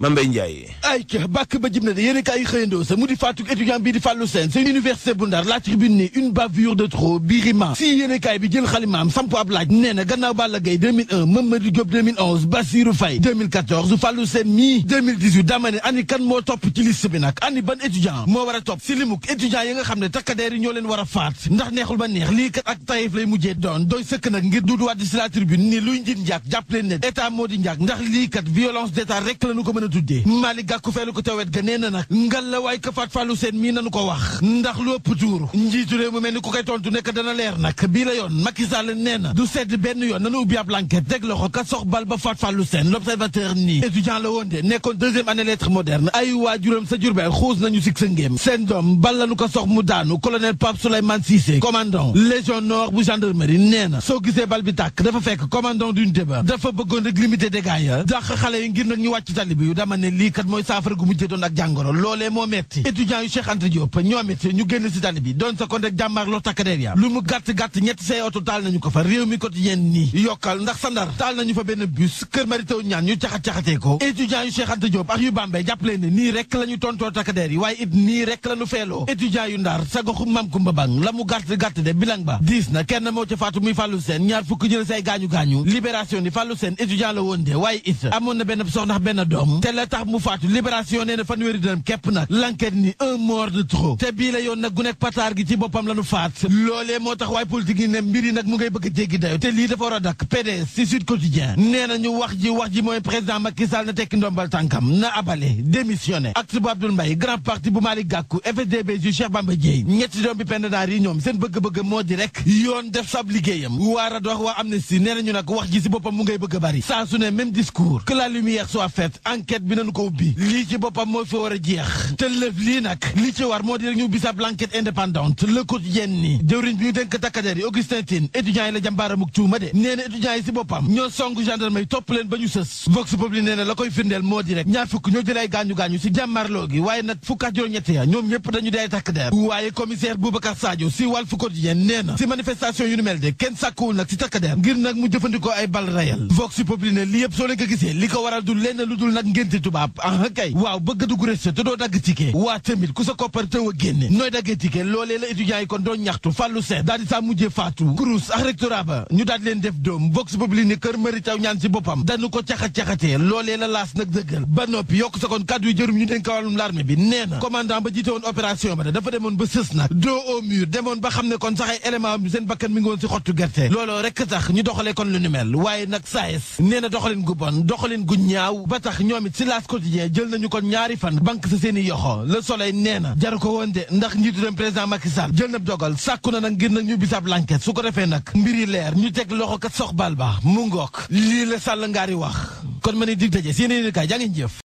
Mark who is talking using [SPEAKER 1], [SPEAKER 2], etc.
[SPEAKER 1] Mame Mbaye ay ca bàkk ba jib na de yéene kaay xëyandoo sa mu di faatuk étudiant bii di Fallou Sène seen université bu Ndar la ni une bavure de trop Birima si yéene kaay bi jël xalimaam samp ab laaj nee gannaaw Balla Gaye 2001 Mamadou Diop 2011 Bassirou Faye 2014 Fallou mii dama ne ani kan moo topp ci liste bi nag ani ban étudiant moo war topp si limuk étudiant yi nga xam ne takkadeer ñoo leen war faat ndax neexul ba neex lii kat ak tayif la tuddee Malick Gakou feelu ko tewet ga nee na ngal la waay ka faat fàllu seen mii nanu ko wax ndax lu ëpp tuuru njiitu réew mu mel ni ku koy tontu nekk dana leer nag bii la yoon Macky Sall nee na du sedd benn yoon nanu ubbi ab l'enquête teg loxo ka sox bal ba faat fàllu seen l'observateur nii étudiant la woon de nekkoon deuxième année lettres modernes ay waajuram sa jurbel xuus nañu sig sa ngéem seen doom bal lanu ko sox mu daanu colonel Pape Souleymane Cissé dama ne lii kat mooy saafara gu mujjee doon ak jàngoro loolee moo metti étudiant yu Cheikh Anta Diop ñoom it ñu génn si tali bi doon sa kon rek jàmmaarloo takkadeer ya lu mu gàtt-gàtt ñetti say oto taal nañu ko fa réew mi quotidien nii yokkal ndax sa ndar taal nañu fa benn bus kër maritaw ñaan ñu caxat-caxatee ko étudiant yu Cheikh Anta ak yu Bambey jàppale ne nii rek la tontoo takkadeer yi waaye it nii rek la feeloo étudiant yu Ndar sa goxu Mam la mu gàtt-gàtt de bilang ba diis na kenn moo ca na benn soxna benn te la tax mu faatu fanweeri dërëm képp nag l'enquête ni un mort trop te bii la yoon nag gu nekk pataar gi ci boppam la faat loolee moo tax waaye politique yi ne mbir nag mu ngay bëgg jéggi dayo te lii dafa war a dakk PDS ci Sud Quotidien nee ñu wax ji wax ji mooy président Macky Sall na tekki ndombal tànkam na abale démissionné acte bu Abdoul Mbaye grand parti bu Malick Gakou FSDB ju Cheikh Bamba Dièye ñetti doom bi pend yi ñoom seen bëgg a enquête bi nañu ko ubbi lii ci boppam mooy fa war a jeex te lëf lii nag li ci war moo di rek ñu bisab l'enquête indépendante le quotidien ni jëwriñ bi ñu dénk takkadeer yi Augustin Tine étudiants yi la jàmbaaramuk tuuma de nee na yi si boppam ñoo song gendarme yi topp leen ba ñu sës vox populi nee na la koy firndeel moo di rek ñaar fukk ñoo jëlay gaañu-gaañu si jàmmarloo gi waaye nag fukk juróom ñett ya ñoom ñëpp dañu dee takkadeer takkadeer ngir ko gisee li ngénte tubaab ah kay waaw bëgg dugg resto te doo dagg waa tamit ku sa koppar tëw a génne nooy daggee ticket la étudiants yi kon doon ñaxtu fàllu seet daal di saa mujjee faatu kurus ak ah, rectorat ba ñu daal leen def doom vox populi ni kër mari ñaan ci boppam dañu ko caxat-caxatee loolee la laas nag dëggal ba noppi yokk sa kon kàddu yi jërum ñu dénk wàllum l'armée bi nee na ba jiite woon opération ba dafa demoon ba sës nag dos au mur demoon ba xam ne tamit si laas quotidien jël nañu kon ñaari fan banque sa seen i yoxo le soleil nee na jaru ko woon de ndax njiitu dem président Macky Sall jël na dogal sàkku na nag ngir nag ñu bisaab l'enquête su ko defee nag mbir yi leer ñu teg loxo kat sox bal ba mu ngook lii la sàll ngaari wax kon ma ne dig daje si yeneen i kaay jaa ngeen jëf